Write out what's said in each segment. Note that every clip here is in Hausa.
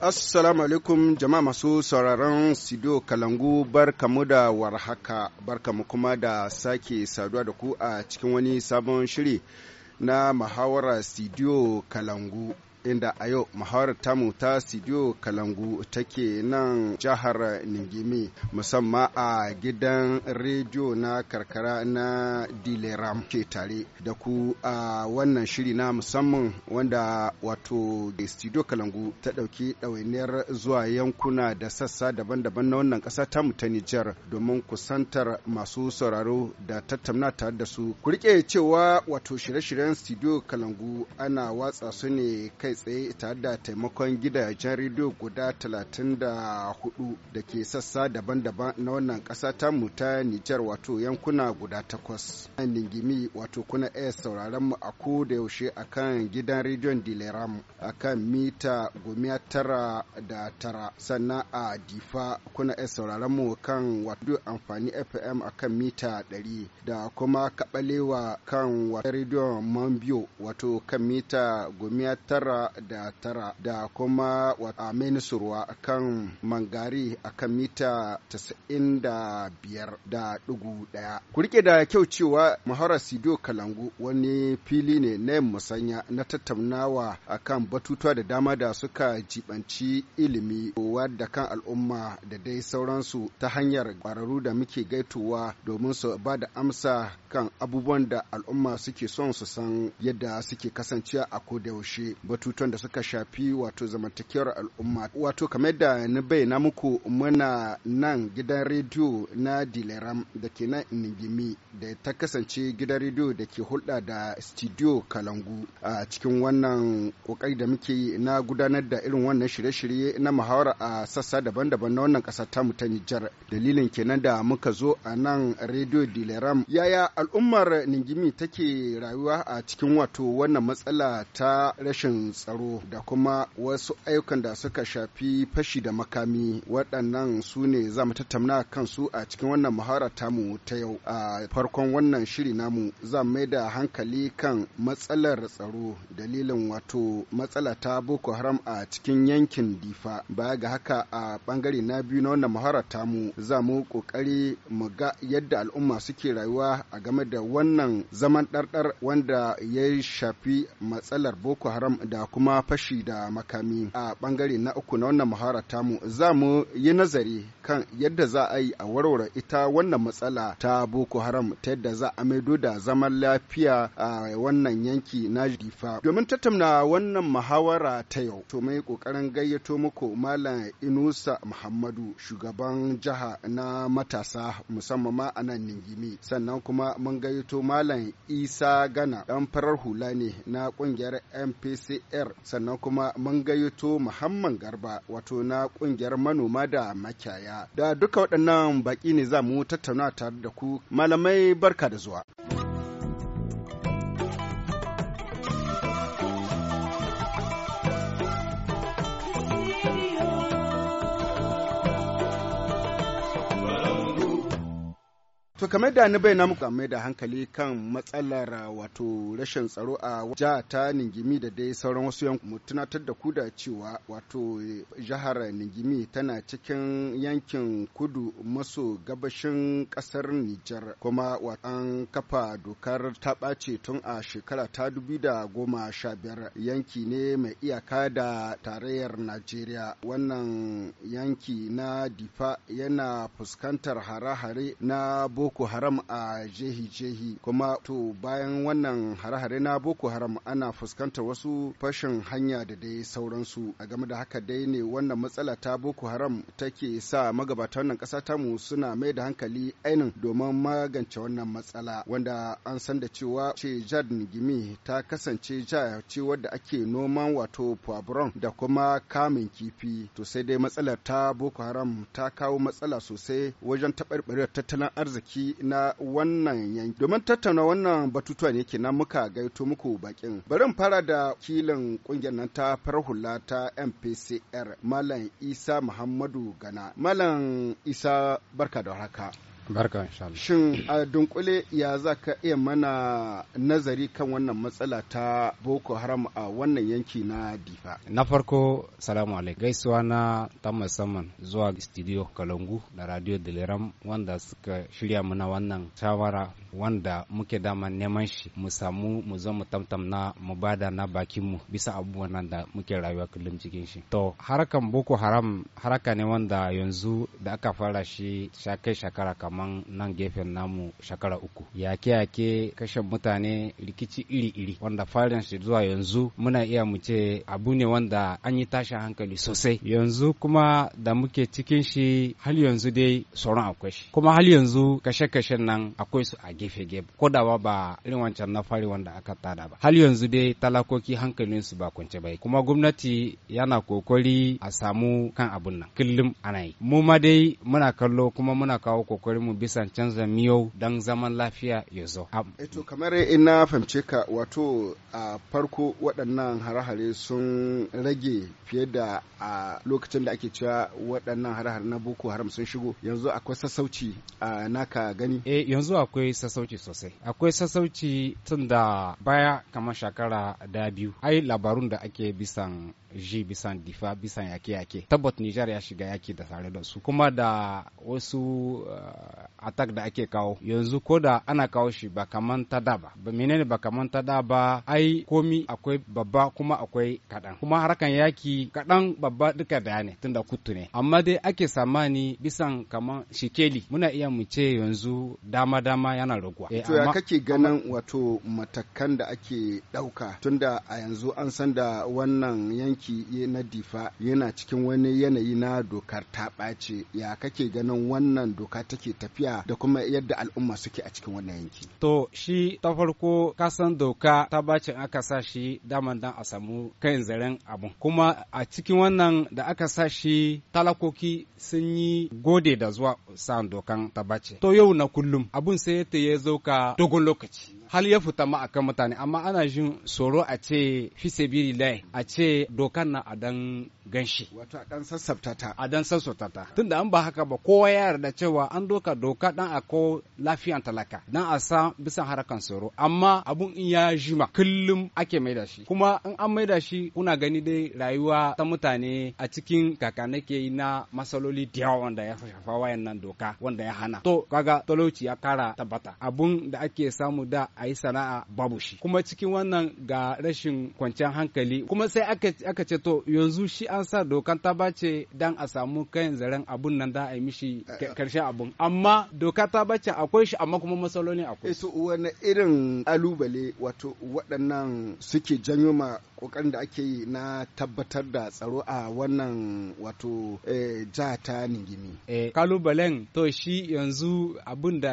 Assalamu alaikum jama'a masu sauraron Sido Kalangu barkamu da warhaka barkamu kuma da sake saduwa da ku a cikin wani sabon shiri na Mahawara Sido Kalangu. inda a yau muhawarar tamu ta Sidiyo Kalangu take nan jihar nigimi musamman a gidan rediyo na karkara na Dileram ke tare da ku a wannan shiri na musamman wanda wato studio Kalangu ta ɗauki ɗawainiyar zuwa yankuna da sassa daban-daban na wannan ƙasa tamu ta Nijar domin kusantar masu sauraro da tattauna tare da su. Ku riƙe cewa wato shirye-shiryen studio Kalangu ana watsa su ne kai tsaye tare da taimakon gidajen rediyo guda 34 da ke sassa daban-daban na wannan ƙasa ta muta ta Nijar wato yankuna guda takwas. a Ningimi wato kuna iya sauraron mu a ko da yaushe a kan gidan rediyon Dileram a kan mita gumiya tara da tara sannan a Difa kuna iya sauraron mu kan wato amfani FM a kan mita 100 da kuma kaɓalewa kan wato rediyon Mambio wato kan mita gumiya tara da tara da kuma amin surwa kan mangari a kan mita tasa'in da biyar da ɗigo daya. Ku da kyau cewa Mahara Sido Kalangu wani fili ne na musanya na tattaunawa a kan batutuwa da dama da suka jibanci ilimi da kan al'umma da dai sauransu ta hanyar ƙwararru da muke gaituwa domin su ba da amsa kan abubuwan da al'umma suke son su san yadda suke kasancewa a kodayaushe batu batutuwan da suka shafi wato zamantakewar al'umma wato kamar da na bayyana muku muna nan gidan rediyo na dileram da ke nan inigimi da ta kasance gidan rediyo da ke hulɗa da studio kalangu a cikin wannan kokari da muke na gudanar da irin wannan shirye-shirye na muhawara a sassa daban-daban na wannan ƙasa tamu ta nijar dalilin kenan da muka zo a nan rediyo dileram yaya al'ummar ningimi take rayuwa a cikin wato wannan matsala ta rashin tsaro da kuma wasu ayyukan da suka shafi fashi da makami waɗannan su ne za mu tattauna kansu a cikin wannan muhawara tamu ta yau a farkon wannan shiri namu za mai da hankali kan matsalar tsaro dalilin wato matsala ta boko haram a cikin yankin difa baya ga haka a bangare na biyu na wannan muhawara tamu za mu kokari mu ga yadda al'umma suke rayuwa a game da wannan zaman ɗarɗar wanda ya shafi matsalar boko haram da kuma fashi da makami a bangare na uku na wannan muhara tamu za mu yi nazari kan yadda za a yi a warware ita wannan matsala ta boko haram ta yadda za a maido da zaman lafiya a wannan yanki na difa domin tattauna wannan muhawara ta yau to mai kokarin gayyato muku malam inusa muhammadu shugaban jiha na matasa musamman ma a nan ningimi sannan kuma mun gayyato malam isa gana dan farar hula ne na kungiyar mpc APR sannan kuma mun gayyato Muhammad Garba wato na kungiyar manoma da makiyaya. Da duka waɗannan baƙi ne za mu tattauna tare da ku malamai barka da zuwa. To kamar da ni bayyana muku mai da hankali kan matsalar ah, wato rashin tsaro a jihar ta Ningimi da dai sauran wasu yankunan tunatar da ku da cewa wato eh, jihar Ningimi tana cikin yankin kudu maso gabashin kasar Nijar kuma an kafa dokar ta ɓace tun a shekara ta dubi da goma sha biyar yanki ne mai iyaka da tarayyar Najeriya wannan yanki na Difa yana fuskantar hare-hare na bo boko haram a jehi-jehi kuma to bayan wannan hare-hare na boko haram ana fuskantar wasu fashin hanya da dai sauransu a game da haka dai ne wannan matsala ta boko haram take sa magabatan wannan ƙasa tamu suna mai da hankali ainin domin magance wannan matsala wanda an san da cewa ce jad gimi ta kasance ja ce wadda ake noman wato puabron da kuma kamun kifi to sai dai matsalar ta boko haram ta kawo matsala sosai wajen taɓarɓarewar tattalin arziki baki na wannan yanki. Domin tattauna wannan batutuwa ne kenan muka gaito muku bakin. Bari in fara da kilin kungiyar nan ta farhula ta MPCR Malam Isa Muhammadu Gana. Malam Isa barka da haka. barka Allah shin a dunkule ya za ka iya mana nazari kan wannan matsala ta boko haram a wannan yanki na difa na farko salamu alaikum gaisuwa na ta musamman zuwa studio kalangu da radio deliram wanda suka shirya mana wannan shawara wanda muke dama neman shi mu samu mu zo mu tamtamna mu bada na mu bisa abubuwan nan da muke rayuwa kullum cikin shi to harakan boko haram haraka ne wanda yanzu da aka fara shi shakai shakara kaman nan gefen namu shakara uku yake yake kashe mutane rikici iri iri wanda farin shi zuwa yanzu muna iya mu ce abu ne wanda an yi tashin hankali sosai yanzu kuma da muke cikin shi har yanzu dai sauran akwai shi kuma har yanzu kashe-kashen nan akwai su a gefe gefe gefe ko da ba ba irin wancan na fari wanda aka tada ba hal yanzu dai talakoki hankalin su ba kwance bai kuma gwamnati yana kokori a samu kan abun nan kullum ana yi mu ma dai muna kallo kuma muna kawo kokorin mu bisa canza miyau dan zaman lafiya ya zo eh to kamar ina fahimce ka wato a farko waɗannan hare sun rage fiye da a lokacin da ake cewa waɗannan harahare na boko haram sun shigo yanzu akwai sassauci a naka gani eh yanzu akwai sassauci sosai akwai sassauci tun da baya kamar shekara da biyu ai labarun da ake bisan ji bisan difa bisan yake-yake tabbat nijar ya shiga yaki da tare da su kuma da wasu uh, attack da ake kawo yanzu ko da ana kawo shi ba kaman ta da ba ba menene ba kaman ta da ba ai komi akwai babba kuma akwai kaɗan kuma harkan yaki kaɗan babba duka da ne tunda kutu ne amma dai ake samani bisan kaman shikeli muna iya mu ce yanzu dama dama yana raguwa eh, to ya kake ganin wato matakan da ake ɗauka tunda a yanzu an san da wannan yanki aiki na difa yana cikin wani yanayi na dokar ta ɓace ya kake ganin wannan doka take tafiya da kuma yadda al'umma suke a cikin wannan yanki. To shi ta farko kasan doka ta bacin aka sa shi daman dan a samu kayan zaren abun kuma a cikin wannan da aka sa shi talakoki sun yi gode da zuwa san dokan ta bace. To yau na kullum abun sai ya zo ka dogon lokaci. Hal ya fita ma akan mutane amma ana jin tsoro a ce fi a ce do. dokan nan a dan ganshi wato a dan sassafta ta a dan sassafta ta tunda an ba haka ba kowa ya yarda cewa an doka doka dan a ko lafiyan talaka dan a sa bisan harakan tsaro amma abun in ya jima kullum ake maida shi kuma in an maida shi kuna gani dai rayuwa ta mutane a cikin kakanake yi na masaloli da yawa wanda ya shafa wayan nan doka wanda ya hana to kaga talauci ya kara tabbata abun da ake samu da a yi sana'a babu shi kuma cikin wannan ga rashin kwanciyar hankali kuma sai aka aka ce to yanzu shi an sa dokan ta bace dan a samu kayan zaren abun nan da a yi mishi eh, eh. karshen abun amma doka ta bace akwai shi amma kuma masaloli akwai su wani irin kalubale wato waɗannan suke janyo ma kokarin da ake yi na tabbatar da tsaro a wannan wato eh, ja ta ningimi kalubalen to shi yanzu abun da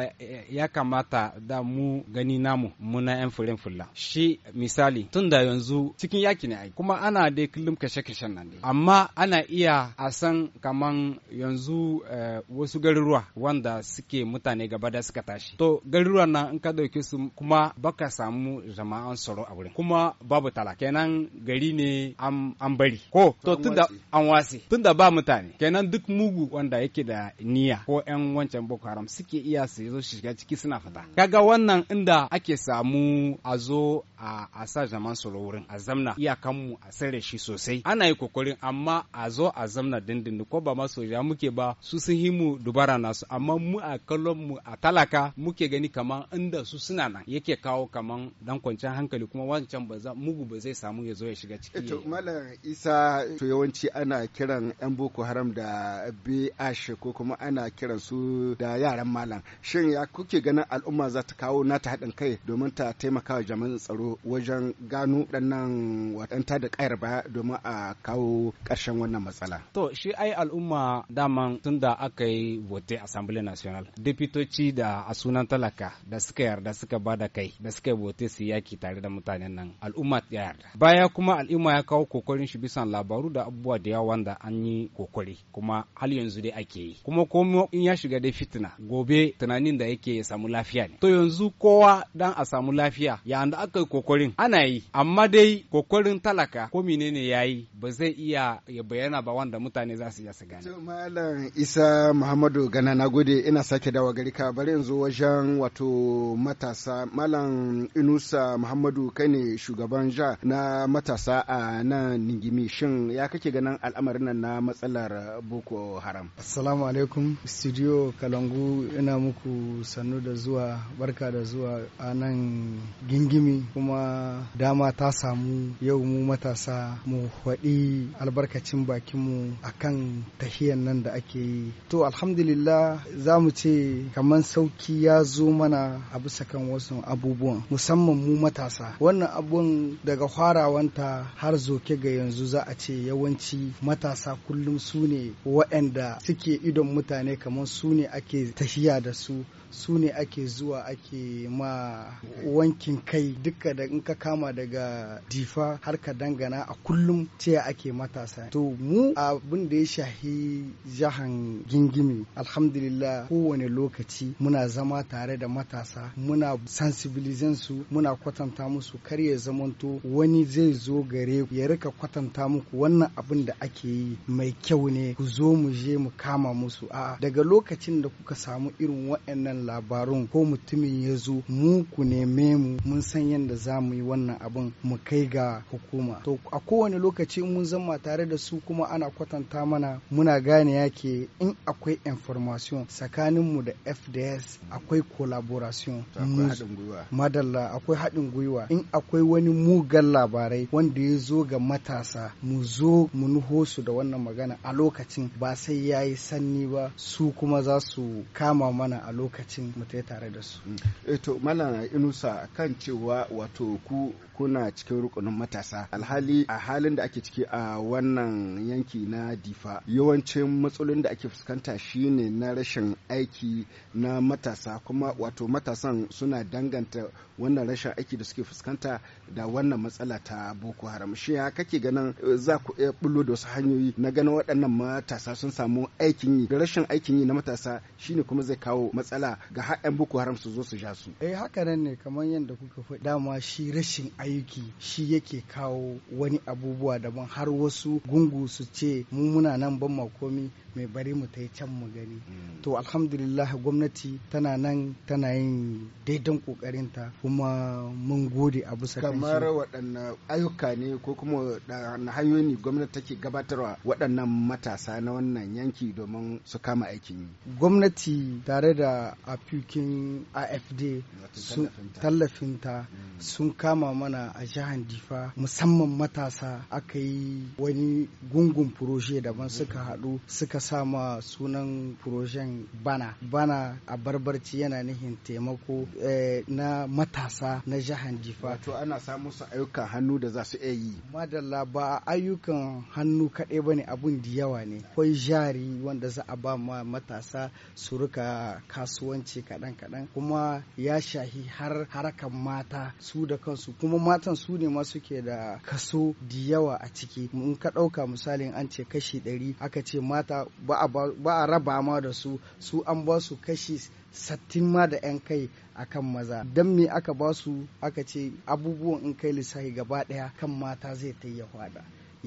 ya kamata da mu gani namu muna yan furen fulla shi misali tun da yanzu cikin yaki ne kuma ana da kullum kashe-kashen nan amma ana iya a san kaman yanzu eh, wasu garuruwa wanda suke mutane gaba da suka tashi to garuruwa nan in ka dauke su kuma baka samu jama'an tsaro a wurin kuma babu tala kenan gari ne an bari ko to tunda an wasi tunda ba mutane kenan duk mugu wanda yake da niyya ko yan wancan boko haram suke iya su zo shiga ciki suna fita kaga wannan inda ake samu a zo a sa jama'an tsaro wurin a zamna iyakanmu a sare shi sosai ana yi kokarin amma a zo a zamna dindindin ko ba ma ya muke ba su sun himu dubara nasu amma mu a kallon mu a talaka muke gani kaman inda su suna nan yake kawo kaman dan kwanciyar hankali kuma wancan ba za mugu ba zai samu ya zo ya shiga ciki eh to malam isa to yawanci ana kiran yan boko haram da bh ko kuma ana kiran su da yaran malam shin ya kuke ganin al'umma za ta kawo nata haɗin kai domin ta taimaka wa jami'an tsaro wajen gano waɗannan waɗanta da ƙayar baya domin a kawo ƙarshen wannan matsala. To shi ai al'umma daman tun da aka yi vote Assembly National deputoci da a sunan talaka da suka yarda suka ba da kai da suka yi vote su yaki tare da mutanen nan al'umma ya yarda. Baya kuma al'umma ya kawo kokarin shi bisan labaru da abubuwa da yawa wanda an yi kokari kuma hal yanzu dai ake yi. Kuma komo in ya shiga dai fitina gobe tunanin da yake ya samu lafiya ne. To yanzu kowa dan a samu lafiya yayin da aka yi kokorin. ana yi amma dai kokorin talaka ko menene ya yi ba zai iya ya bayyana ba wanda mutane za su iya su gane. Malam Isa Muhammadu Gana na gode ina sake dawa gari ka bari yanzu wajen wato matasa Malam Inusa Muhammadu kai ne shugaban ja na matasa a nan Ningimi shin ya kake ganin al'amarin nan na matsalar Boko Haram. Assalamu alaikum studio Kalangu ina muku sannu da zuwa barka da zuwa a nan gingimi kuma dama ta samu yau mu matasa mu mu faɗi albarkacin bakinmu a kan tahiyan nan da ake yi to alhamdulillah za mu ce kamar sauki ya zo mana a bisa kan wasu abubuwan musamman mu matasa wannan abun daga farawanta har zoke ga yanzu za a ce yawanci matasa kullum su ne waɗanda suke idon mutane kamar su ne ake tahiya da su su ne ake zuwa ake ma wankin kai duka da in ka kama daga difa har ka dangana a kullum ce ake matasa to mu abin da ya shahi jahan gingimi alhamdulillah kowane lokaci muna zama tare da matasa muna sensibilizan su muna kwatanta musu kar ya zamanto wani zai zo gare ya rika kwatanta muku wannan abin da ake yi mai kyau ne ku zo mu je mu kama musu a daga lokacin da kuka samu irin waɗannan wa'annan labarun ko mutumin ya zo mu ku neme mu mun san yadda za mu yi wannan abin mu kai ga hukuma to a kowane lokaci mun zama tare da su kuma ana kwatanta mana muna gane yake in akwai information mu da fds akwai collaboration madalla akwai haɗin gwiwa in akwai wani mugan labarai wanda ya zo ga matasa mu zo mu nuho su da wannan magana a lokacin ba sai ya yi sanni ba su kuma za su kama mana a lokacin lokacin mu ta tare da su. Mm. Eto eh, Malam Inusa kan cewa wato ku kuna cikin rukunin matasa alhali a halin da ake ciki a wannan yanki na difa yawancin matsalolin da ake fuskanta shine na rashin aiki na matasa kuma wato matasan suna danganta wannan rashin aiki da suke fuskanta da wannan matsala ta boko haram shi ya kake ganin eh, za ku iya bullo da wasu hanyoyi na ganin waɗannan matasa sun samu aikin yi da rashin aikin yi na matasa shine kuma zai kawo matsala ga haɗin boko haram su zo su ja su eh haka nan ne kamar yadda kuka faɗi dama shi rashin aiki shi yake kawo wani abubuwa daban har wasu gungu su ce mu muna nan ban makomi mai bari mu ta can mu gani mm. to alhamdulillah gwamnati tana nan tana yin daidan kokarinta kuma mun gode a bisa kamar waɗannan ayyuka ne ko kuma waɗannan hanyoyi gwamnati take gabatarwa waɗannan matasa na wannan yanki domin su kama aikin yi gwamnati tare da afikin afd tallafinta mm. sun kama mana a jihar difa musamman matasa aka yi wani gungun furoshe daban suka mm. haɗu suka sama sunan furoshen bana bana a barbarci yana nihin taimako eh, na mata matasa na jihar Jifa. To ana samun su ayyukan hannu da za su iya yi. Madalla ba ayyukan hannu kaɗai ba ne abun da yawa ne. Akwai jari wanda za a ba ma matasa su rika kasuwanci kaɗan-kaɗan kuma ya shahi har harakan mata su da kansu kuma matan su ne ma suke da kaso da yawa a ciki. In ka ɗauka misalin an ce kashi ɗari aka ce mata ba a raba ma da su su an ba su kashi sattin ma da 'yan kai akan maza don me aka ba su aka ce abubuwan in kai lissafi gaba daya kan mata zai ta yi ya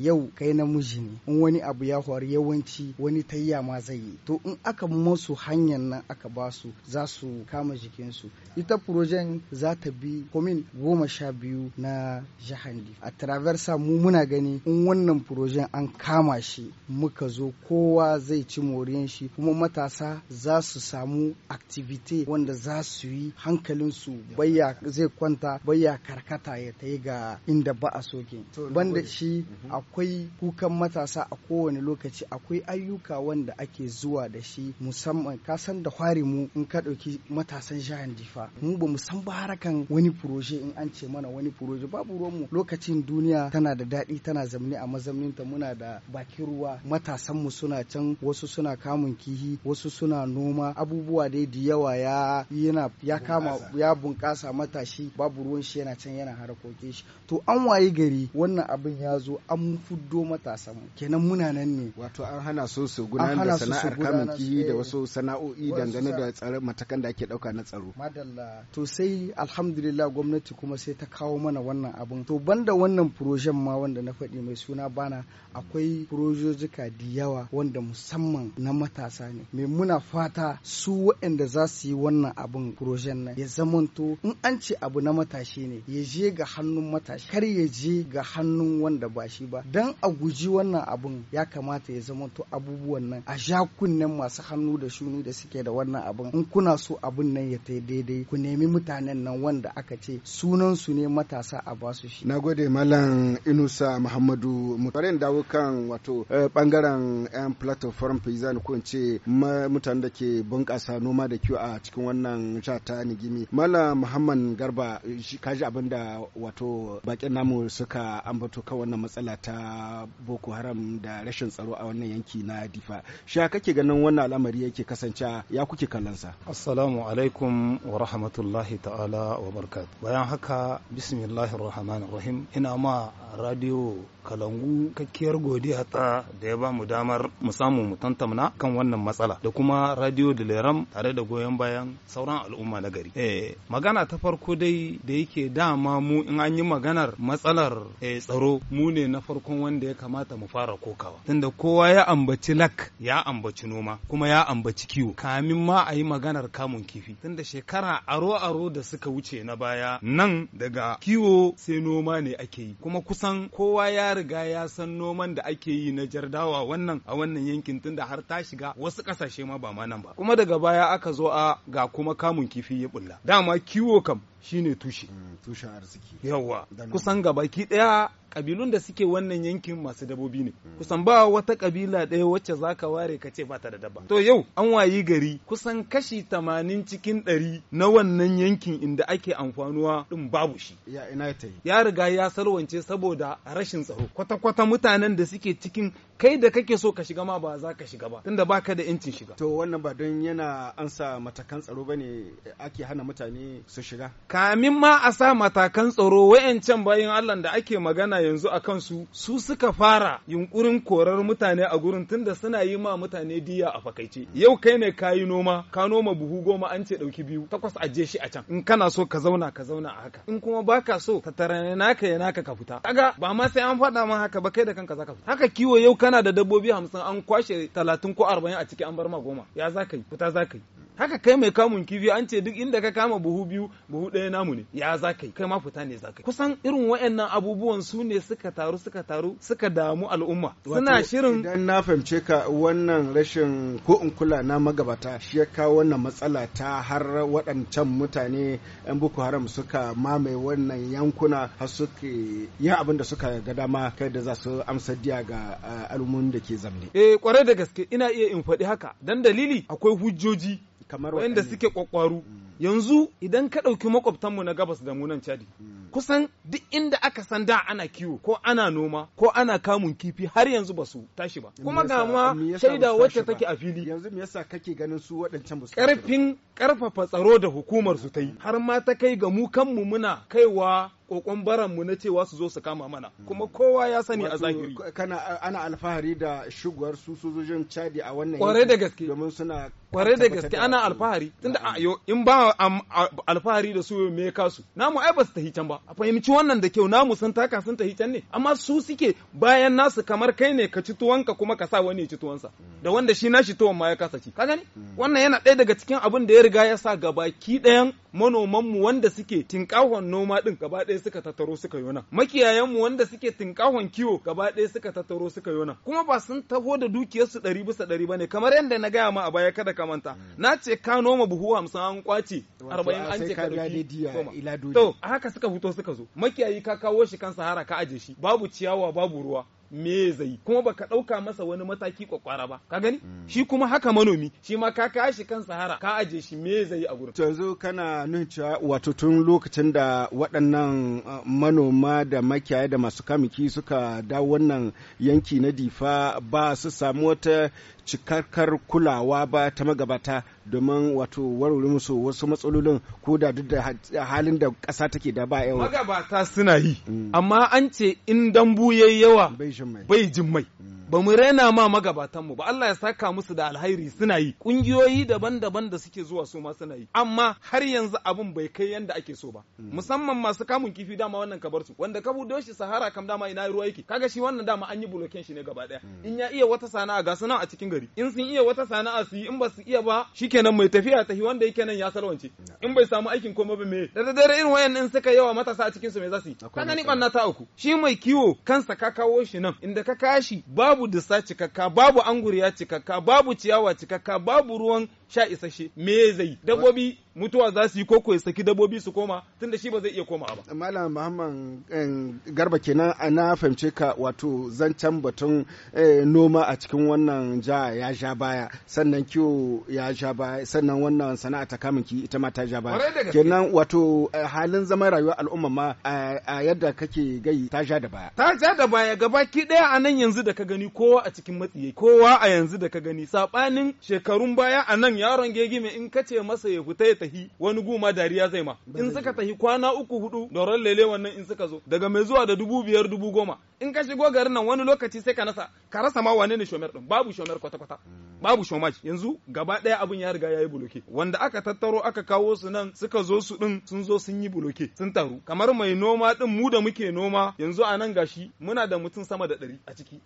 yau kai namiji ne in wani abu ya faru yawanci wani tayya ma zai yi to in aka masu hanyar nan aka ba su za su kama jikinsu ita projen za ta bi komin goma sha biyu na jihandi a traversa mu muna gani in wannan projen an kama shi muka zo kowa zai ci moriyan shi kuma matasa za su samu activity wanda za su yi hankalinsu baya zai kwanta baya karkata ya ta yi ga inda ba a soke banda shi mhm. akwai kukan matasa a kowane lokaci akwai ayyuka wanda ake zuwa da shi musamman kasan da hware mu in ka ɗauki matasan jihar difa mu ba san ba harakan wani furoje in an ce mana wani furoje babu ruwanmu lokacin duniya tana da daɗi tana zamne a mazauninta muna da bakin ruwa matasan mu suna can wasu suna kamun kihi wasu suna noma abubuwa dai da yawa ya yana ya kama ya bunƙasa matashi babu ruwan shi yana can yana harakoke shi to an waye gari wannan abin ya zo an fuddo matasan mu kenan muna nan ne wato an hana so su gudanar da sana'ar kamun da eh. wasu sana'o'i dangane da tsaron matakan da ake dauka na tsaro madalla to sai alhamdulillah gwamnati kuma sai ta kawo mana wannan abun to banda wannan projen ma wanda na faɗi mai suna bana akwai projojika da yawa wanda musamman na matasa ne me muna fata su waɗanda za su yi wannan abun projen nan ya zamanto in an ce abu na matashi ne ya je ga hannun matashi kar ya je ga hannun wanda ba shi ba ba dan a guji wannan abun ya kamata ya zama to abubuwan nan a sha kunnen masu hannu da shuni da suke da wannan abun in kuna so abun nan ya ta daidai ku nemi mutanen nan wanda aka ce sunan su ne matasa a basu shi na nagode malam inusa muhammadu mutarin dawo kan wato bangaren eh, yan platform pizan ko in ce mutanen da ke bunkasa noma da kyau a cikin wannan sha ta nigimi malam muhammad garba kaji abin da wato bakin namu suka ambato kan wannan matsala ta ta boko haram da rashin tsaro a wannan yanki na difa sha kake ganin wannan al'amari yake kasance ya kuke kallonsa assalamu alaikum wa rahmatullahi ta'ala wa barkat bayan haka bismillahir rahmanir rahim ina ma radio kalangu kakkiyar godiya ta da ya ba mu damar mu samu mu tantamna kan wannan matsala da kuma radio leram tare da goyon bayan sauran al'umma na gari eh magana ta farko dai da yake dama mu in an yi maganar matsalar eh, tsaro mu ne na farko farkon wanda ya kamata mu fara kokawa tunda kowa ya ambaci lak ya ambaci noma kuma ya ambaci kiwo kamin ma a yi maganar kamun kifi tunda shekara aro-aro da suka wuce na baya nan daga kiwo sai noma ne ake yi kuma kusan kowa ya riga ya san noman da ake yi na jardawa wannan a wannan yankin tunda har ta shiga wasu kasashe ma ba ma nan ba kuma daga baya aka zo a ga kuma kamun kifi ya bulla dama kiwo kam shine tushe mm, tushen arziki yawa kusan gabaki daya kabilun da suke wannan yankin masu dabobi ne mm. kusan ba wata kabila ɗaya wacce zaka ware ka ce bata da dabba to yau an wayi gari kusan kashi tamanin cikin ɗari na wannan yankin inda ake amfanuwa din babu shi ya ina ta yi ya riga ya salwance saboda rashin tsaro kwata kwata mutanen da suke cikin kai da kake so ka shiga ma ba za ka shiga ba tunda baka da yancin shiga to wannan ba don yana ansa matakan tsaro bane ake hana mutane su shiga kamin ma a sa matakan tsaro wayancan bayan Allah da ake magana yanzu a kansu su suka fara yunkurin korar mutane a gurin tunda suna yi ma mutane diya a fakaice yau kai ne ka yi noma ka noma buhu goma an ce dauki biyu takwas aje shi a can in kana so ka zauna ka zauna a haka in kuma baka so ka tarane naka ya naka ka fita kaga ba ma sai an faɗa ma haka ba kai da kanka zaka fita haka kiwo yau kana da dabbobi hamsin an kwashe talatin ko arba'in a ciki an bar ma goma ya zaka yi fita zaka yi haka kai mai kamun kifi an ce duk inda ka kama buhu biyu buhu ɗaya namu ne ya za kai kai ma fita ne za kai kusan irin wayannan abubuwan su ne suka taru suka taru suka damu al'umma suna shirin idan na fahimce ka wannan rashin ko in kula na magabata shi ya kawo wannan matsala ta har waɗancan mutane yan boko haram suka mamaye wannan yankuna har suke yin abin da suka ga dama kai da za su amsa diya ga al'ummomin da ke zamne eh kwarai da gaske ina iya in faɗi haka dan dalili akwai hujjoji kamar wa'anda suke kwakwaru mm. yanzu idan ka ɗauki makwabtanmu na gabas da mu nan chadi mm. kusan duk inda aka san da ana kiwo ko ana noma ko ana kamun kifi har yanzu ba su tashi ba kuma ga ma shaida wacce take a fili yanzu me yasa kake ganin su waɗancan ba karfin karfafa tsaro da hukumar su ta yi har ma ta kai ga mu kanmu muna kaiwa kokon baran mu na cewa su zo su kama mana kuma kowa ya sani a zahiri kana ana alfahari da shugwar su sojojin chadi a wannan kware da gaske domin suna kware da gaske ana alfahari tunda a in ba alfahari da su me ya kasu namu ai ba su tahi can ba a fahimci wannan da kyau na sun taka sun ta can ne amma su suke bayan nasu kamar kai ne ka ci tuwanka kuma ka sa wani ya ci tuwansa da wanda shi nashi tuwon ma ya kasa ci ka gani wannan yana ɗaya daga cikin abin da ya riga ya sa gabaki ɗayan manomanmu wanda suke tinkahon noma ɗin gaba ɗaya suka tattaro suka yona makiyayanmu wanda suke tinkahon kiwo gaba ɗaya suka tattaro suka yona kuma ba sun taho da dukiyarsu ɗari bisa ɗari ba kamar yadda na gaya ma a baya kada ka manta mm. na ce ka noma buhu hamsin an kwace arba'in an ce ka ɗauki to haka suka fito to suka zo makiyayi ka kawo shi kan sahara ka aje shi babu ciyawa babu ruwa me zai kuma baka ɗauka masa wani mataki kwakwara ba ka gani hmm. shi kuma haka manomi shi ma ka kashi kan sahara ka aje shi me zai a gurin yanzu kana nuna cewa wato tun lokacin da waɗannan uh, manoma da makiyaya da masu kamiki suka dawo wannan yanki na difa ba su samu wata cikakkar kulawa ba ta magabata domin wato warware musu wasu matsalolin ko da duk da halin da ƙasa take da ba yawa magabata suna yi mm. amma an ce in dambu yayi yawa bai jin mai mm. ba mu raina ma magabatan mu ba Allah ya saka musu da alhairi suna yi kungiyoyi daban-daban da suke zuwa su ma suna yi amma har yanzu abin bai kai yanda ake so ba mm. musamman masu kamun kifi dama wannan kabar su wanda ka bude shi sahara kam dama ina ruwa yake kaga shi wannan dama an yi bulokin shi ne gaba daya in ya iya wata sana'a ga sana'a a cikin gari nazari in sun iya wata sana'a su yi in ba su iya ba shikenan mai tafiya tafi wanda yake nan ya salwance in bai samu aikin koma ba me da dare irin wayannan suka yawa matasa a cikin su me za su yi kana ni banna ta uku shi mai kiwo kansa ka kawo shi nan inda ka kashi babu dusa cikakka babu anguriya cikakka babu ciyawa cikakka babu ruwan sha isasshe me zai dabbobi mutuwa za su yi koko ya saki dabbobi su koma tunda shi ba zai iya koma ba malam muhammad eh, garba kenan na fahimce ka wato zancen batun eh, noma a cikin wannan jihar. ya sha baya sannan kiwo ya sha baya sannan wannan sana'a ta kamun ki ita ma ta sha baya kenan wato eh, halin zaman rayuwar al'umma ma a yadda kake gai ta sha da baya ta sha da baya gabaki daya a nan yanzu da ka gani kowa a cikin matsiye kowa a yanzu da ka gani sabanin shekarun baya a nan yaron gegi mai in kace masa ya fita ya tahi wani guma dariya zai ma in suka tahi kwana uku hudu doron lele wannan in suka zo daga mai zuwa da dubu biyar dubu goma in ka shigo garin nan wani lokaci sai ka nasa ka rasa ma wane ne shomer din babu shomer kwata-kwata babu shomaj yanzu gaba ɗaya abin ya riga ya yi buloke wanda aka tattaro aka kawo su nan suka zo su ɗin sun zo sun yi buloke sun taru kamar mai noma ɗin mu da muke noma yanzu a nan gashi muna da mutum sama da ɗari a ciki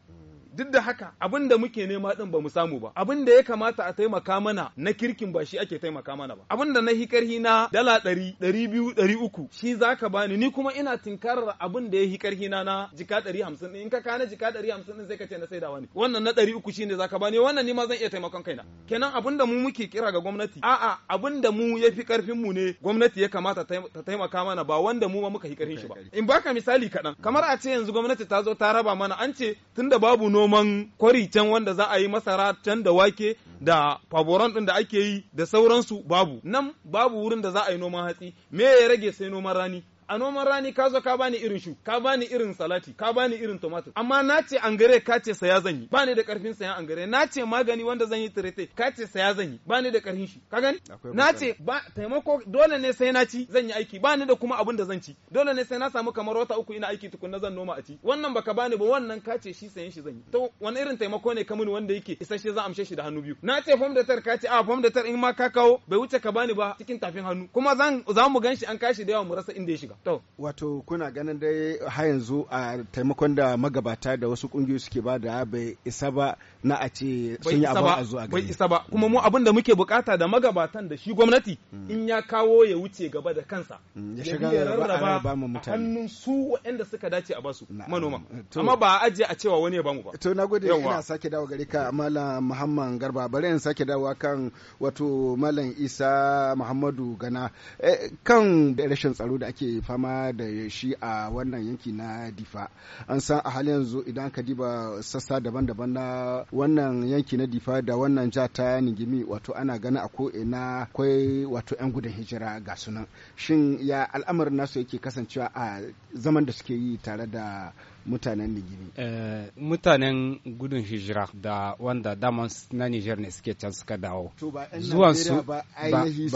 duk da haka abin da muke nema din ba mu samu ba abin da ya kamata a taimaka mana na kirkin ba shi ake taimaka mana ba abin da na hi karhi na dala ɗari ɗari biyu ɗari uku shi zaka bani ni kuma ina tinkarar abin da ya hi karhi na na jika ɗari hamsin in ka kana jika ɗari hamsin din sai ka ce na saidawa ne wannan na ɗari uku shine zaka bani wannan ni ma zan iya taimakon kaina kenan abin da mu muke kira ga gwamnati a'a abin da mu ya fi karfin mu ne gwamnati ya kamata ta taimaka mana ba wanda mu ma muka hi shi ba in baka misali kaɗan kamar a ce yanzu gwamnati ta zo ta raba mana an ce tunda babu no noman kwari can wanda za a yi masara can da wake da faboran ɗin da ake yi da sauransu babu nan babu wurin da za a yi noman hatsi me ya rage sai noman rani a noman rani ka zo ka bani irin shu ka bani irin salati ka bani irin tomato amma na ce angare ka ce saya zan yi bani da karfin sayan angare na ce magani wanda zan yi tirete ka ce saya zan yi bani da karfin shi ka gani na ce ba taimako dole ne sai na ci zan yi aiki bani da kuma abin da zan ci dole ne sai na samu kamar wata uku ina aiki tukunna zan noma a ci wannan baka bani ba wannan ka ce shi sayan shi zan yi to wani irin taimako ne kamun wanda yake isasshe zan amshe shi da hannu biyu na ce fom da tar ka ce a ah, fom da tar in ma ka kawo bai wuce ka bani ba cikin tafin hannu kuma zan za mu gan shi an kashi da yawa mu rasa inda ya shiga banza wato kuna ganin dai har yanzu a taimakon da magabata da wasu kungiyoyi suke ba da bai isa ba na a ce sun yi abin a zuwa bai isa ba kuma mu abin da muke bukata da magabatan da shi gwamnati mm. in ya kawo ya wuce gaba da kansa mm, ya shiga rarraba hannun su waɗanda suka dace a basu manoma amma ba a ajiye a cewa wani ya bamu ba to gode ina sake dawo gari ka malam muhammad garba bari in sake dawo kan wato malam isa muhammadu gana eh, kan rashin tsaro da ake fama da shi a wannan yanki na difa an san a halin yanzu idan ka diba sassa daban-daban na wannan yanki na difa da wannan ja ta ningimi wato ana gani a ko ina akwai wato 'yan gudun hijira ga sunan shin ya al'amarin nasu yake kasancewa a zaman da suke yi tare da mutanen Nigiri? Eh, mutanen gudun hijira da wanda daman na Nijar ne suke can suka dawo. Zuwan su ba ainihi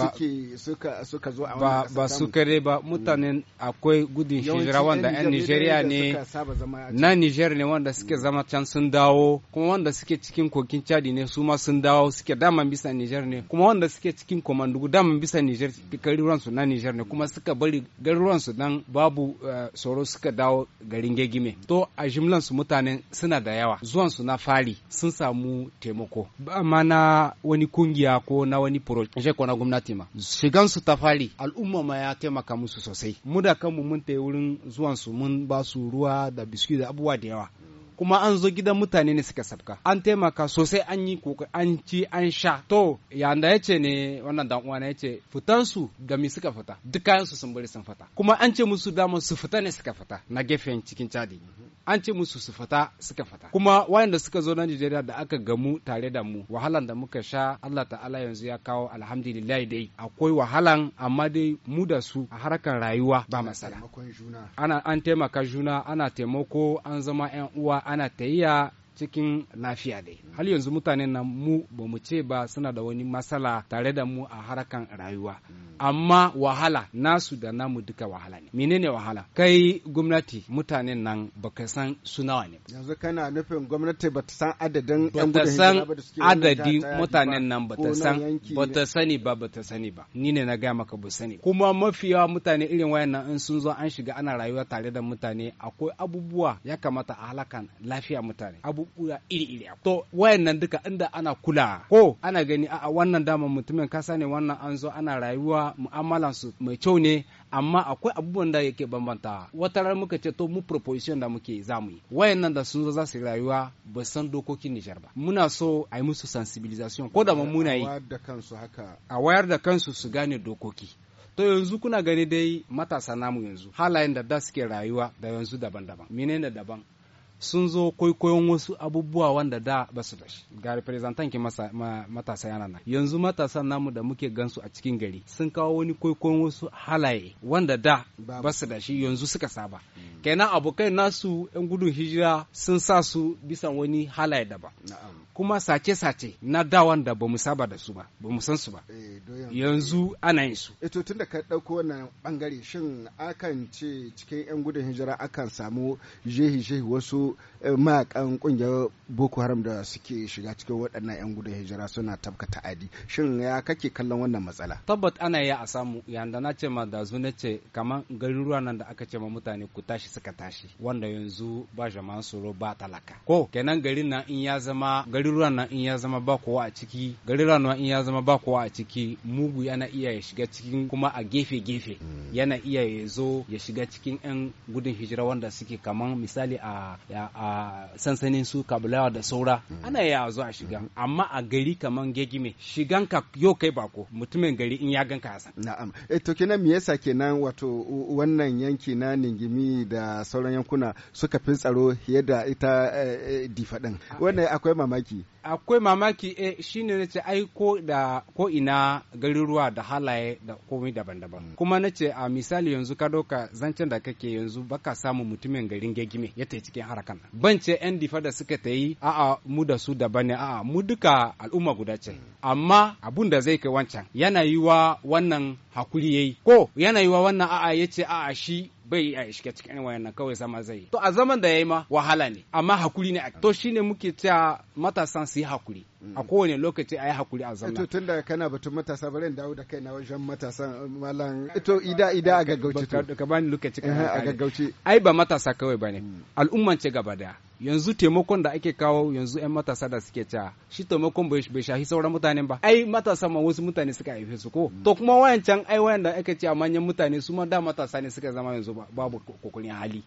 suka zo a Ba su kare ba mutanen mm. akwai gudun hijira wanda 'yan Nijeriya ne na Nijar ne wanda suke mm. zama can sun dawo kuma wanda suke cikin kokin Chadi ne su ma sun dawo suke daman bisa Nijar ne kuma wanda suke cikin komandugu daman bisa Nijar garuruwan su na Nijar ne kuma suka bari garuruwan su dan babu eh, tsoro suka dawo garin Gegime. to a jimlan su mutanen suna da yawa zuwan su na fari sun samu taimako ba ma na wani kungiya ko na wani project ko na gwamnati ma shigan su ta fari al'umma ma ya taimaka musu sosai mu da kanmu mun tayi wurin zuwan su mun ba su ruwa da biskit da abubuwa da yawa kuma an zo gidan mutane ne suka sabka an taimaka sosai an yi koko an ci an sha to yanda ce ne wannan dan uwana yace fitan su ga suka fita duk kayan su sun bari sun fita kuma an ce musu dama su fita ne suka fita na gefen cikin cadi an ce musu su fata suka fata kuma wayanda suka zo na Nigeria da aka gamu tare da mu wahalan da muka sha Allah ta'ala yanzu ya kawo alhamdulillah dai akwai wahalan amma dai mu da su a harkar rayuwa ba masala ana an taimaka juna ana taimako an zama yan uwa ana tayya cikin lafiya dai har yanzu mutane na mu ba mu ce ba suna da wani matsala tare da mu a harkan rayuwa mm. amma wahala nasu da namu duka wahala ne menene wahala kai gwamnati mutanen nan ka san sunawa ne yanzu kana nufin gwamnati ta san adadin yan gudun adadi mutanen nan ta san ta sani ba ta sani ba ni ne na ga maka ba sani kuma mafi yawa mutane irin wayannan in sun zo an shiga ana rayuwa tare da mutane akwai abubuwa ya kamata a halakan lafiya mutane abu guda iri-iri to wayan nan duka inda ana kula ko ana gani a wannan dama mutumin kasa ne wannan an zo ana rayuwa mu'amalan su mai kyau ne amma akwai abubuwan da yake bambanta wata ran muka ce to mu proposition da muke za mu yi nan da sun zo za su rayuwa ba san dokokin Nijar ba muna so a yi musu sensibilisation ko da mu muna yi a wayar da kansu su gane dokoki to yanzu kuna gani dai matasa namu yanzu halayen da da suke rayuwa da yanzu daban-daban menene daban sun zo kwaikwayon wasu abubuwa wanda da ba su da shi ga representant ke matasa yana nan yanzu matasan namu da muke gansu a cikin gari sun kawo wani kwaikwayon wasu halaye wanda da ba su da shi yanzu suka saba hmm. kenan abokai nasu yan gudun hijira sun sa su bisa wani halaye daban kuma sace-sace na da wanda ba mu saba da su ba ba mu san su ba eh, yanzu ana yin su eto eh, tunda ka dauko wannan bangare shin akan ce cikin yan gudun hijira akan samu jehi jehi wasu Eh, mayakan kungiyar boko haram da suke shiga cikin waɗannan 'yan gudun hijira suna tabka ta'adi shin ya kake kallon wannan matsala tabbat ana yi a samu yanda na ce ma da zu na ce kamar garuruwa nan da aka ce ma mutane ku tashi suka tashi wanda yanzu ba jama'an tsoro ba talaka ko kenan garin nan in ya zama garuruwa nan in ya zama ba kowa a ciki garuruwa nan in ya zama ba kowa a ciki mugu yana iya ya shiga cikin kuma a gefe gefe hmm. yana iya ya zo ya shiga cikin 'yan gudun hijira wanda suke kaman misali a a sansanin su kabulawa da saura ana ya zo a shiga mhm. amma a gari kaman gegime shigan ka yau kai bako mutumin gari in ya ganka ya san na'am eh to kenan me yasa kenan wato wannan yanki na ningimi da sauran yankuna suka fi tsaro yadda ita eh, eh, difadin ah, wannan eh. akwai mamaki akwai mamaki eh shine nace ai ko da ko ina garuruwa da halaye da komai daban-daban mm. kuma nace a misali yanzu ka doka zancen da kake yanzu baka samu mutumin garin gegime yata cikin haraka hakan ban ce yan difa da suka ta yi a'a mu da su daban ne a'a mu duka al'umma guda ce amma abun da zai kai wancan yana wa wannan hakuri yayi ko yana wa wannan a'a yace a'a shi bai a shiga cikin wayannan kawai zama zai to a zaman da yayi ma wahala ne amma hakuri ne to shine muke cewa matasan su yi hakuri a kowane lokaci a yi hakuri a zauna. Ito eh, da kana batun matasa bari dawo da kai na wajen matasa malam ito eh, ida ida a gaggauci to. Ka bani lokaci kana eh, a gaggauci. Ai ba matasa kawai bane hmm. al'umman ce gaba daya. yanzu taimakon da ake kawo yanzu 'yan matasa da suke ca shi taimakon bai shahi sauran mutane ba ai matasa ma wasu mutane suka haife su ko hmm. to kuma wayancan ai wayan da ake cewa manyan mutane su ma da matasa ne suka zama yanzu babu kokarin hali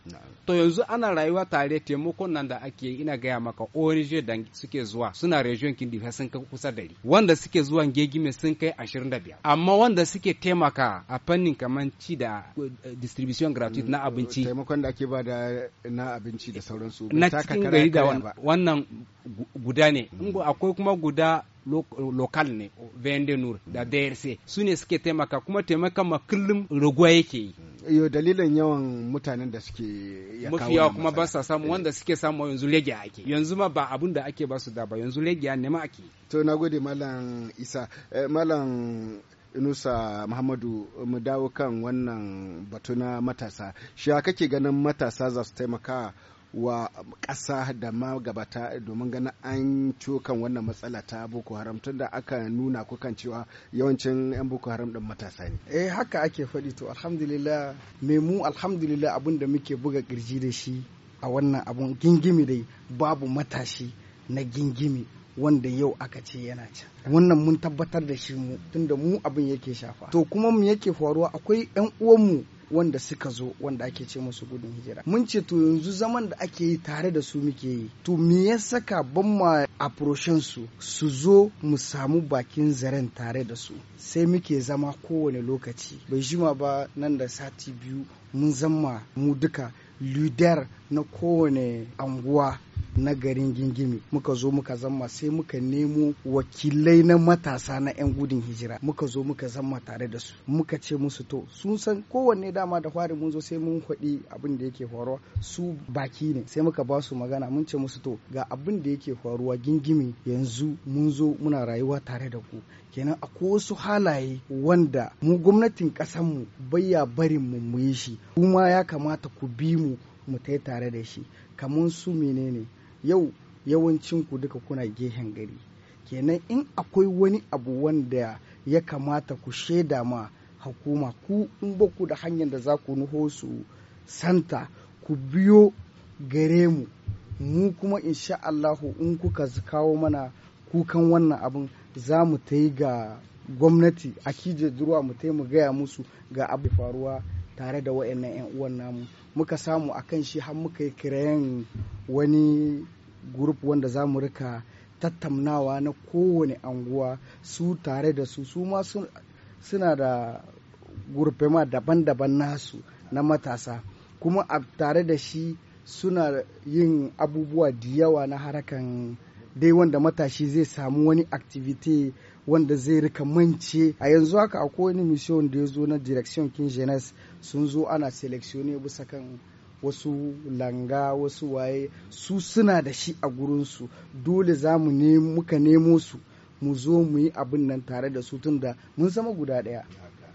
to yanzu ana rayuwa tare taimakon nan da ake ina gaya maka ONG da suke zuwa suna region yankin difa sun kai kusa dari wanda suke zuwa gegime sun kai 25 amma wanda suke taimaka a fannin kamar ci da eh, distribution gratuit na abinci taimakon da ake ba da na abinci da sauransu na cikin gari da wannan guda ne mm. akwai kuma guda lokal ne nur. da drc su ne suke taimaka kuma taimaka ma kullum raguwa yake yi yo dalilin yawan mutanen da suke mafiya kuma ba sa samu eh. wanda suke samu yanzu rage ake yanzu ma ba abun da ake ba su da ba yanzu rage ne ma ake to na gode malam isa eh, malam inusa muhammadu mu dawo kan wannan batu na matasa shi kake ganin matasa za su taimaka wa ƙasa da ma gabata domin ganin an cokan wannan matsala ta boko haram tun da aka nuna kukan cewa yawancin 'yan boko haram din matasa ne eh haka ake faɗi to alhamdulillah me mu alhamdulillah abin da muke buga kirji da shi a wannan abun gingimi dai babu matashi na gingimi wanda yau aka ce yana can wannan mun tabbatar da shi mu tunda mu abin yake shafa to kuma mu yake faruwa akwai 'yan uwanmu wanda suka zo wanda ake ce musu gudun hijira mun ce to yanzu zaman da ake yi tare da su muke yi to me ya saka ban ma aproshin su su zo mu samu bakin zaren tare da su sai muke zama kowane lokaci bai jima ba nan da sati biyu mun zama mu duka lider na kowane anguwa na garin gingimi muka zo muka zama sai muka nemo wakilai na matasa na 'yan gudun hijira muka zo muka zama tare da su muka ce musu to sun san kowanne dama da fari mun zo sai mun faɗi abin da yake faruwa su baki ne sai muka ba su magana mun ce musu to ga abin da yake faruwa gingimi yanzu mun zo muna rayuwa tare da ku kenan akwai wasu halaye wanda mu gwamnatin ƙasanmu bayya barin mu mu yi shi kuma ya kamata ku bi mu mu tare da shi kamar su menene yau yawancin ku duka kuna gehen gari kenan in akwai wani abu wanda ya kamata ku shaida ma hukuma ku in ba ku da hanyar da za ku nuho su santa ku biyo gare mu mu kuma insha Allahu in kuka kawo mana kukan wannan abin za mu ta yi ga gwamnati a kije zuwa mu ta mu gaya musu ga abu faruwa tare da waɗannan 'yan uwan namu muka samu a kan shi har muka yi kirayen wani gurup wanda za mu rika tattaunawa na kowane anguwa su tare da su su ma suna da gurfe ma daban-daban nasu na matasa kuma a tare da shi suna yin abubuwa da yawa na harakan dai wanda matashi zai samu wani activity wanda zai rika mance a yanzu haka akwai wani mission da ya zo na direction king jeunesse sun zo ana seleksione bisa kan wasu langa wasu waye su suna da shi a gurinsu dole za mu muka nemo su mu zo mu yi abin nan tare da su tun da mun zama guda ɗaya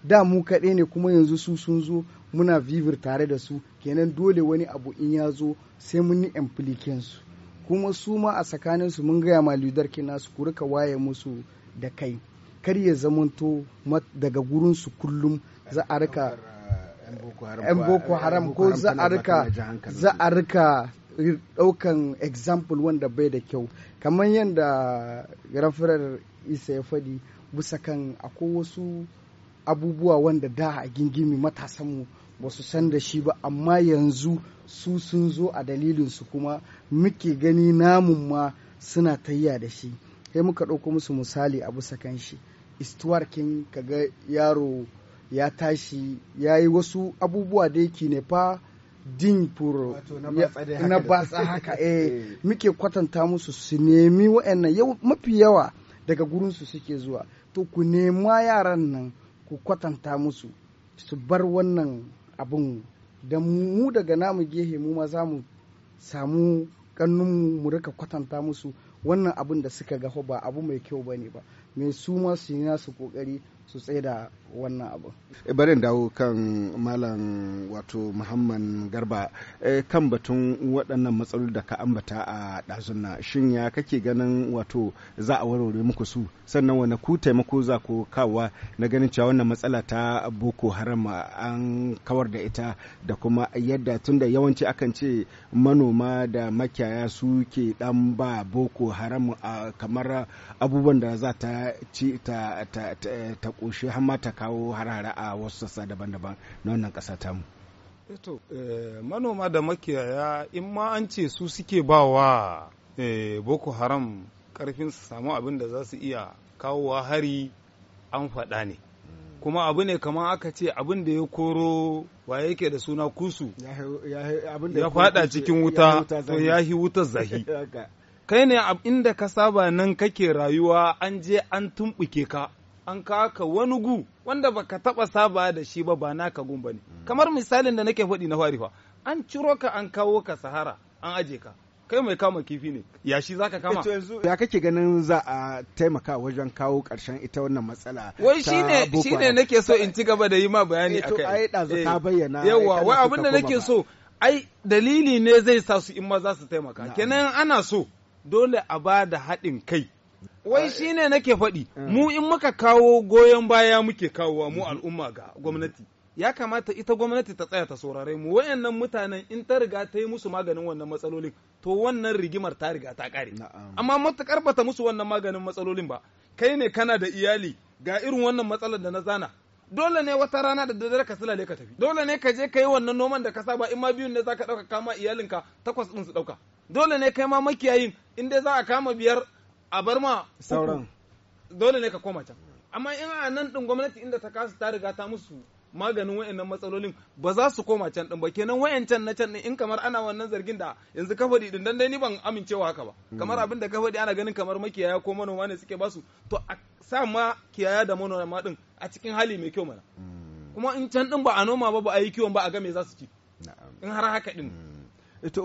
da mu kaɗai ne kuma yanzu su sun zo muna vivir tare da su kenan dole wani abu in ya zo sai mun yi su kuma su ma a tsakaninsu mun gaya ma kina nasu ku rika waye musu da kai kar ya zamanto daga gurinsu kullum za a rika 'yan boko haram ko za a rika daukan example wanda bai da kyau kamar yadda rafirar isa ya faɗi bisa kan akwai wasu abubuwa wanda da a gingimi matasanmu ba su san da shi ba amma yanzu su sun zo a dalilinsu kuma muke gani namun ma suna tayya da shi sai muka ɗauko musu misali a bisa kan shi istuwar kin kaga yaro ya tashi ya yi wasu abubuwa da yake ne fa din furo na batsa haka eh, eh muke kwatanta musu su nemi wa'annan mafi yawa daga gurinsu suke zuwa to ku nema yaran nan ku kwatanta musu su bar wannan abin da mu daga namu gehe mu ma za mu samu kannun mu rika kwatanta musu wannan abin da suka gafa ba abu mai kyau ba ne ba mai su ma su yi nasu kokari su tsaye wannan abu. Eh, dawo kan malam wato muhammad garba eh, kan batun waɗannan matsaloli da ka ambata a ɗazun na shin ya kake ganin wato za a warware muku su sannan wani ku taimako za ku kawa na ganin cewa wannan matsala ta boko haram an kawar da ita da kuma yadda tunda yawanci akan ce manoma da makiyaya su ke dan ba boko haram kamar abubuwan da za ci ta Ƙushe har ma ta kawo harhara a wasu sassa daban-daban na wannan ƙasa tamu. Eto, eh, eh, manoma da makiyaya in ma an ce su suke ba wa eh, Boko Haram karfin su samu abin da za su iya wa hari an faɗa ne. Kuma abu ne kamar aka ce abin da ya koro wa yake da suna kusu ya faɗa cikin wuta to ya hi wutar zahi. Kai ne inda ka saba nan kake rayuwa an je an tumɓuke ka an kawo ka wani gu wanda baka taba saba da shi ba ba naka gun bane kamar misalin da nake faɗi na fari fa an ciro ka an kawo ka sahara an aje ka kai mai kama kifi ne ya shi zaka kama eh, ya kake ganin za a taimaka wajen kawo karshen ita wannan matsala wai shine shine nake so in ci gaba da yi ma bayani eh, akai ai dazu ka eh, bayyana yawa wai abin da nake so ai dalili ne zai sa su in ma za su taimaka kenan ana so dole a ba da haɗin kai wai shi ne nake faɗi eh. mu in muka kawo goyon baya muke kawowa mu mm. al'umma ga gwamnati ya kamata ita gwamnati ta tsaya ta saurare mu wayannan mutanen in ta riga ta yi musu maganin wannan matsalolin to wannan rigimar ta riga ta kare amma matakar bata musu wannan maganin matsalolin ba kai ne kana da iyali ga irin wannan matsalar da na zana dole ne wata rana da daddare ka silale ka tafi dole ne ka je ka yi wannan noman da ka saba in ma biyun ne zaka dauka kama iyalinka takwas din su ɗauka dole ne kai ma makiyayin in dai za a kama biyar a bar ma sauran dole ne ka koma can amma in a nan din gwamnati inda ta kasa ta riga ta musu maganin wayannan matsalolin ba za su koma can din ba kenan wayancan na can in kamar ana wannan zargin da yanzu ka din dan dai ni ban amincewa haka ba mm. kamar abin da ka ana ganin kamar makiyaya ko manoma ne suke basu to a sa ma kiyaya da manoma din a cikin hali mai kyau mana mm. kuma in can din ba a noma ba ba a yi kiwon ba a ga me za su ci in har haka din mm. ito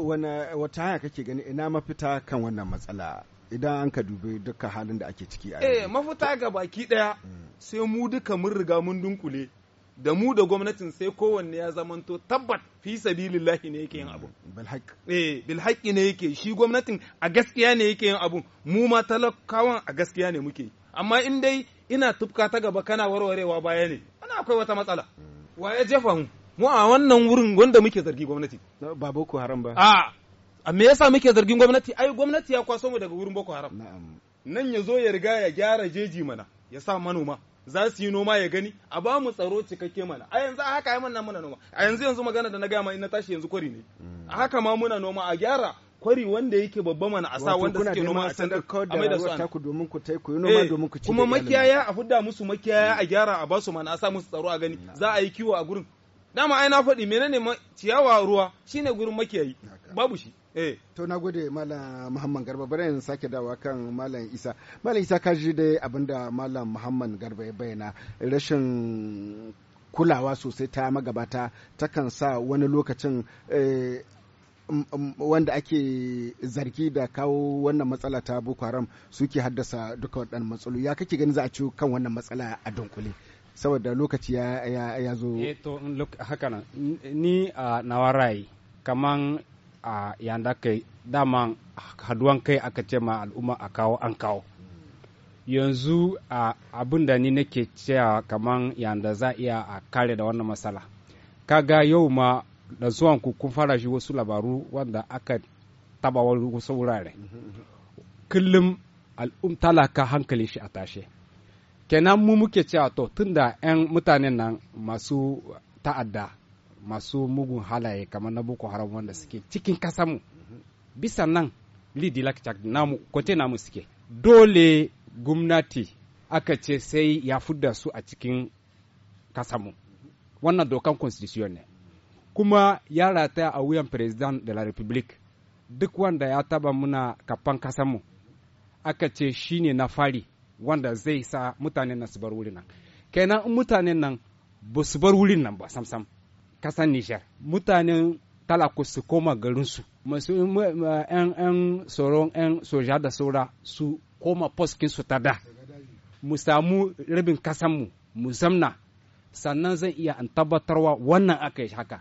wata haya kake gani ina mafita kan wannan matsala idan an ka dubi duka halin da ake ciki a eh mafuta ga baki daya sai mu duka mun riga mun dunkule da mu da gwamnatin sai kowanne ya zamanto tabbat fi sabilillahi ne yake yin abu mm, Bil eh bil ne yake shi gwamnatin a gaskiya ne yake yin abu mu ma talakawan a gaskiya ne muke amma in dai ina tufka ta gaba kana warwarewa baya ne ana akwai wata matsala mm. wa ya jefa mu mu a wannan wurin wanda muke zargi gwamnati ba boko haram ba a ah, me yasa muke zargin gwamnati ai gwamnati ya kwaso mu daga wurin boko haram nan ya zo ya riga ya gyara jeji mana ya sa manoma za su yi noma ya gani a ba mu tsaro cikakke mana a yanzu a haka ai mana muna noma a yanzu yanzu magana da na gaya ma in na tashi yanzu kwari ne a haka ma muna noma a gyara kwari wanda yake babba mana a sa wanda suke noma a can a mai da su ku domin ku ta ku yi noma eh, domin ku ci kuma makiyaya a fudda musu makiyaya a gyara a ba su mana a sa musu tsaro a gani za a yi kiwo a gurin dama ai na faɗi menene ciyawa ruwa shine gurin makiyayi babu shi Eh. to na gode malam muhammad garba bari in sake dawa kan malam isa malam isa ka ji dai abinda malam muhammad garba ya bayyana rashin kulawa sosai ta magabata takan sa wani lokacin eh, wanda ake zargi da kawo wannan matsala ta boko haram suke haddasa duka waɗannan matsalu ya kake ganin za a ci kan wannan matsala a dunkule saboda lokaci ya, ya, ya zo eh, to haka nan ni a nawarai kamar kaman a yanda kai dama haduwan kai aka ce ma al'umma a kawo an kawo yanzu abin da ni nake cewa kaman yanda za iya a kare da wannan matsala kaga yau ma da zuwan ku kun fara shi wasu labaru wanda aka taba wasu wurare kullum al'um talaka hankali shi a tashe kenan mu muke cewa to tunda 'yan mutanen nan masu ta'adda masu mugun halaye kamar na boko haram wanda suke cikin kasamu bisa nan lidi lakcak namu kote namu suke dole gwamnati aka ce sai ya fudda su a cikin kasamu. wannan dokan constitution ne kuma ya rataya a wuyan president de la republique duk wanda ya taba muna kafan kasamu aka ce shi ne na fari wanda zai sa mutanen nan su bar wurin nan kenan mutanen nan ba su bar wurin nan ba sam sam kasar Nijar. Mutanen talako su koma garinsu, masu ‘yan tsoron ‘yan soja da saura su koma su ta da. Mu samu rabin kasanmu, mu zamna, sannan zan iya an tabbatarwa wannan aka yi haka.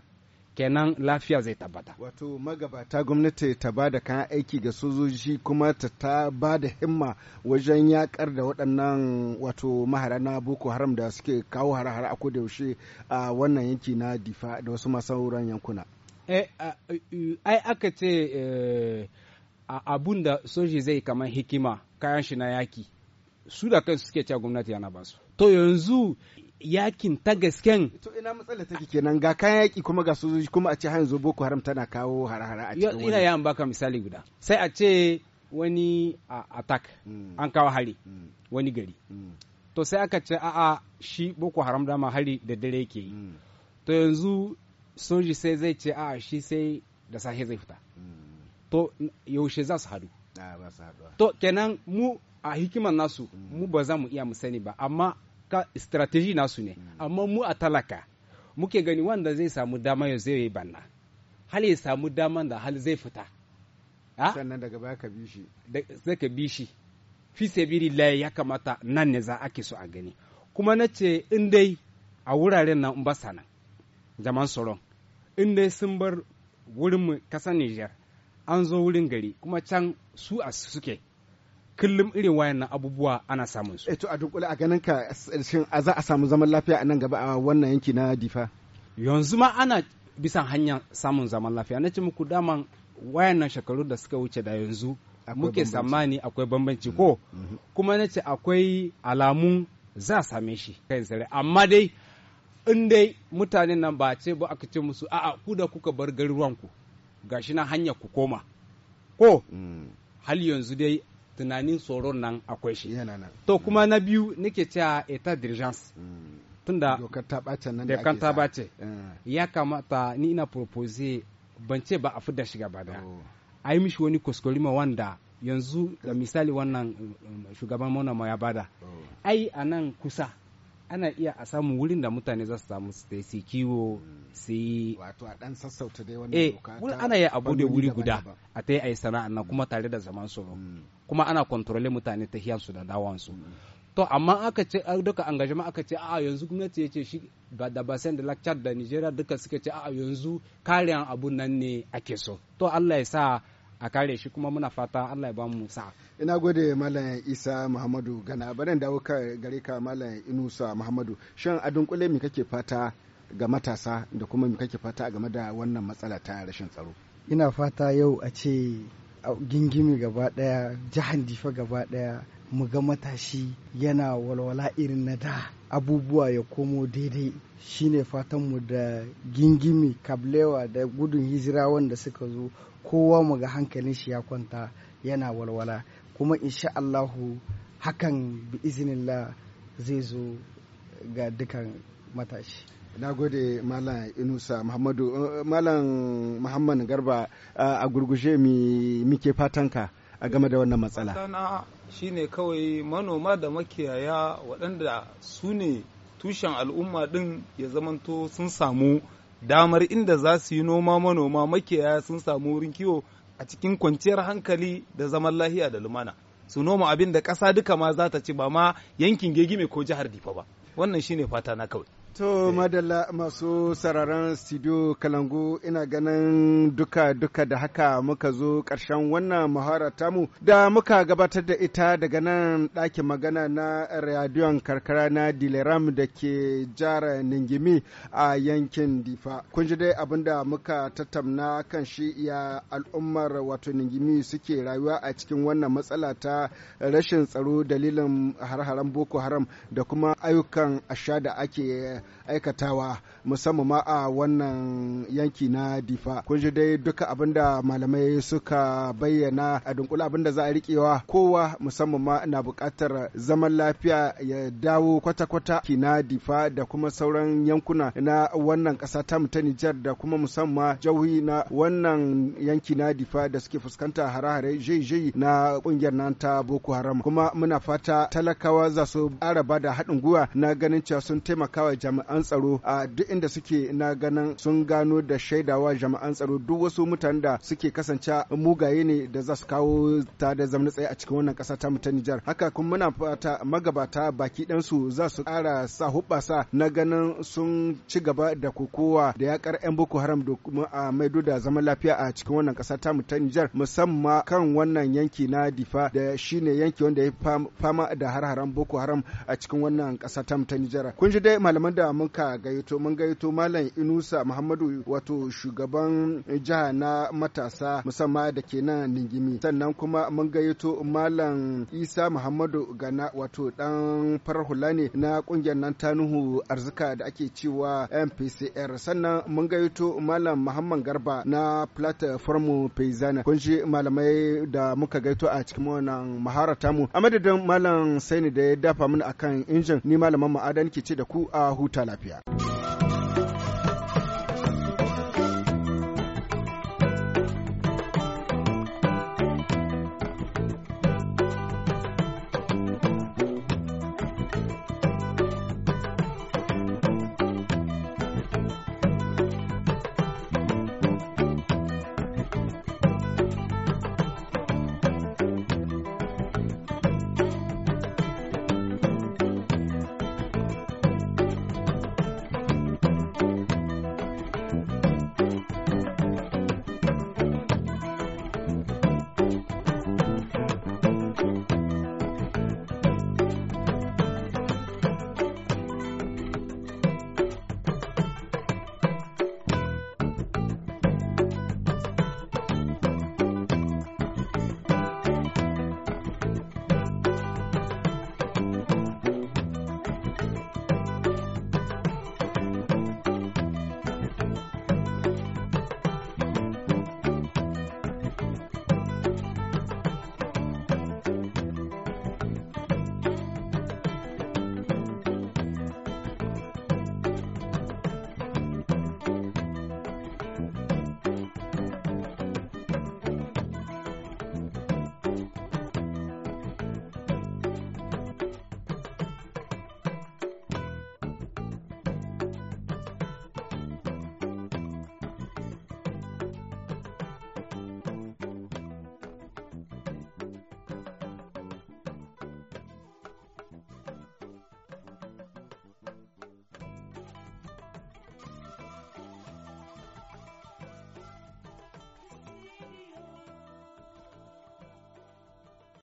kenan lafiya zai tabbata wato magabata gwamnati ta ba da kayan aiki ga sojoji kuma ta ta ba da himma wajen yakar da waɗannan wato mahara na boko haram da suke kawo har har a yaushe a wannan yanki na difa da wasu masauran yankuna eh, eh, eh, ai aka ce abun da soji zai kamar hikima kayan shi na yaki su da kansu suke cewa gwamnati yana basu to yanzu yakin ta gasken to ina matsala take kenan ga kayan yaki kuma ga sojoji kuma a ce har yanzu boko haram tana kawo harahara a cikin ina ya baka misali guda sai a ce wani attack hmm. an kawo hari hmm. wani gari hmm. to sai aka ce a'a shi boko haram dama hari da dare yake yi to yanzu soji sai zai ce a'a shi sai da safe zai fita to yaushe za su hadu to kenan mu a hikimar nasu mu ba za mu iya mu sani ba amma ka strategy nasu ne hmm. amma mu a talaka muke gani wanda zai samu dama ya zai banna hali ya samu daman da hali zai fita ah? sannan daga baya ka bi shi zai ka bi shi fi ya kamata nan ne za ake so a gani kuma na ce in dai a wuraren nan in ba sanan jaman tsoron in dai sun bar wurin kasar Nijar an zo wurin gari kuma can su a suke kullum irin wayannan abubuwa ana samun su. Eto eh, a dunkule a ganin ka shin a za a samu zaman lafiya a nan gaba a wannan yanki na Difa. Yanzu ma ana bisan hanyar samun zaman lafiya na ce muku daman wayannan shekaru da suka wuce da yanzu muke tsammani akwai bambanci mm-hmm. ko mm-hmm. kuma na ce akwai alamun za a same shi kai tsare amma dai in dai mutanen nan ba ce ba aka ce musu a'a ku da kuka bar garuruwanku gashi na hanyar ku koma ko mm. hal yanzu dai tunanin tsoron nan akwai shi to kuma mm. na biyu nake cewa eta d'urgence mm. tunda dokar ta bace nan da ta bace eh. ya kamata ni ina propose ban ce ba a fidda shi gaba da oh. a yi mishi wani kuskurima wanda yanzu da misali wannan eh, eh, shugaban manoma ya bada oh. ai a nan kusa ana iya a samu wurin da mutane za su samu su tai kiwo mm. su yi wato a dan sassauta dai wannan eh, doka wurin ana yi a bude wuri guda a tai ayi sana'a na kuma tare da zaman su mm. kuma ana kontrole mutane ta hiyansu da dawansu mm. to amma aka ce duka engagement aka ce a yanzu gwamnati ya ce shi da basen da lakcar da nigeria duka suka ce a yanzu kariyan abun nan ne ake so to allah ya sa a kare shi kuma muna fata allah ya ba mu sa'a ina gode malam isa muhammadu gana barin dawo gare ka malam inusa muhammadu shan a dunkule mi kake fata ga matasa da kuma mi kake fata game da wannan matsala ta rashin tsaro ina fata yau a ce gingimi gaba daya jihar difa gaba daya mu ga matashi yana walwala irin na da abubuwa ya komo daidai shine fatanmu da gingimi kablewa da gudun hijira wanda suka zo kowa mu ga hankalin shi ya kwanta yana walwala kuma in sha Allahu hakan bi izinillah zai zo ga dukan matashi na gode malam inusa muhammadu eh, malam muhammad garba eh, a gurgushe mi muke fatanka a game da wannan matsala shi shine kawai manoma da makiyaya waɗanda su ne tushen al'umma ɗin ya zamanto sun samu damar inda za su yi noma manoma makiyaya sun samu wurin kiwo a cikin kwanciyar hankali da zaman lahiya da lumana su noma abin da ƙasa duka ma za ta ci ba ma yankin gegime ko jihar difa ba wannan shine fata na kawai To eh. madalla masu sararan studio Kalangu ina ganin duka-duka da haka muka zo ƙarshen wannan muhara tamu da muka gabatar da ita daga nan ɗakin magana na radiyon karkara na Dileram da ke jara Ningimi a yankin Difa. Kun ji dai abin da muka tattauna kan shi ya al'ummar wato Ningimi suke rayuwa a cikin wannan matsala ta rashin tsaro dalilin har-haren Boko Haram da kuma ayyukan asha da ake aikatawa musamman ma a wannan yanki na difa kun ji dai duka abinda malamai suka bayyana a dunkula abinda da za a riƙewa kowa musamman ma na buƙatar zaman lafiya ya dawo kwata-kwata na difa da kuma sauran yankuna na wannan ƙasa ta ta Nijar da kuma musamman jauhi na wannan yanki na difa da suke fuskanta hare-hare jai na ƙungiyar nan ta Boko Haram kuma muna fata talakawa za su ƙara ba da haɗin gwiwa na ganin cewa sun taimaka wa jami'an tsaro a duk inda suke na ganin sun gano da shaidawa jami'an tsaro duk wasu mutanen da suke kasance mugaye ne da za su kawo ta da zaman tsaye a cikin wannan kasa ta ta Nijar. Haka kuma muna fata magabata baki su za su ƙara sa hubbasa na ganin sun ci gaba da kokowa da yakar 'yan Boko Haram kuma a maido da zaman lafiya a cikin wannan kasa ta ta Nijar musamman kan wannan yanki na Difa da shine yanki wanda ya fama da har haram Boko Haram a cikin wannan kasa ta ta Nijar. Kun ji dai malaman da muka gaito mun gaito malam inusa muhammadu wato shugaban jiha na matasa musamman da ke nan ningimi sannan kuma mun gaito malam isa muhammadu gana wato dan farar hula ne na kungiyar nan tanuhu arzika da ake cewa mpcr sannan mun gaito malam muhammad garba na platform paisana kun ji malamai da muka gaito a cikin wannan mahara tamu a madadin malam ne da ya dafa mini akan injin ni malaman ma'adan ke ce da ku a hutu huta lafiya.